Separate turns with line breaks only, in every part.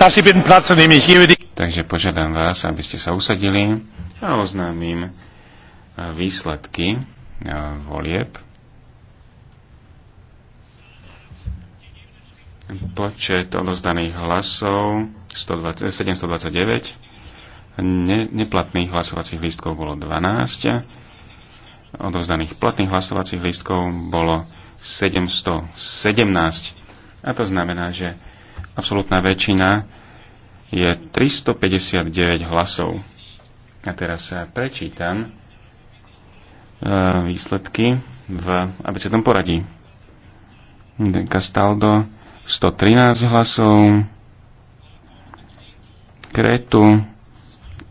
Takže požiadam vás, aby ste sa usadili a oznámim eh, výsledky eh, volieb. Počet odozdaných hlasov 729, ne, neplatných hlasovacích lístkov bolo 12, odovzdaných platných hlasovacích lístkov bolo 717. A to znamená, že absolútna väčšina je 359 hlasov. A teraz sa eh, prečítam eh, výsledky v abecednom poradí. Castaldo 113 hlasov, Kretu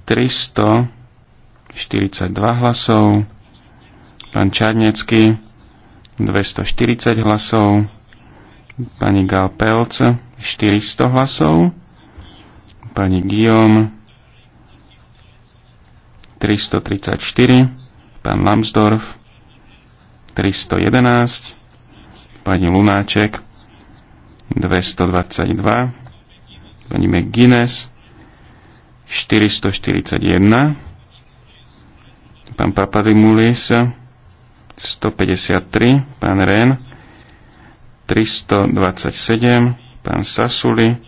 342 hlasov, pán Čarnecký 240 hlasov, pani Galpelce 400 hlasov, pani Guillaume 334, pán Lambsdorff 311, pani Lunáček 222, pani McGuinness 441, pán Papadimulis 153, pán Ren 327, pán Sasuli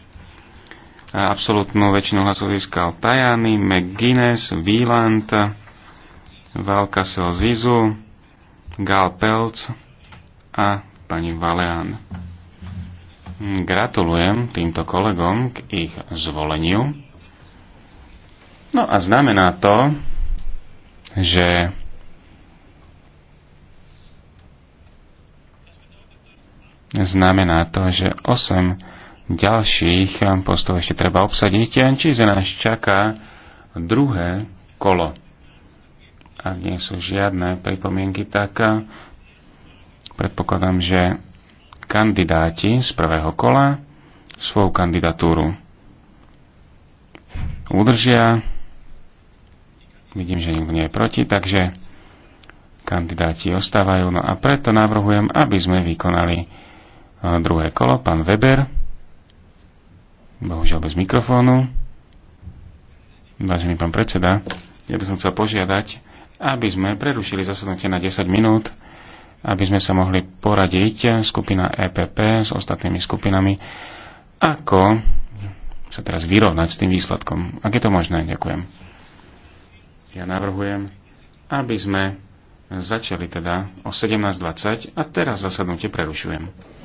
Absolútnu väčšinu hlasov získal Tajany, McGuinness, Wieland, Valkasel Zizu, Gal Pelc a pani Valean. Gratulujem týmto kolegom k ich zvoleniu. No a znamená to, že znamená to, že 8 ďalších postov ešte treba obsadiť, čiže nás čaká druhé kolo. Ak nie sú žiadne pripomienky, tak predpokladám, že kandidáti z prvého kola svoju kandidatúru udržia. Vidím, že nikto nie je proti, takže kandidáti ostávajú. No a preto navrhujem, aby sme vykonali eh, druhé kolo. Pán Weber bohužiaľ bez mikrofónu. Vážený pán predseda, ja by som chcel požiadať, aby sme prerušili zasadnutie na 10 minút, aby sme sa mohli poradiť eh, skupina EPP s ostatnými skupinami, ako sa teraz vyrovnať s tým výsledkom. Ak je to možné, ďakujem. Ja navrhujem, aby sme začali teda o 17.20 a teraz zasadnutie prerušujem.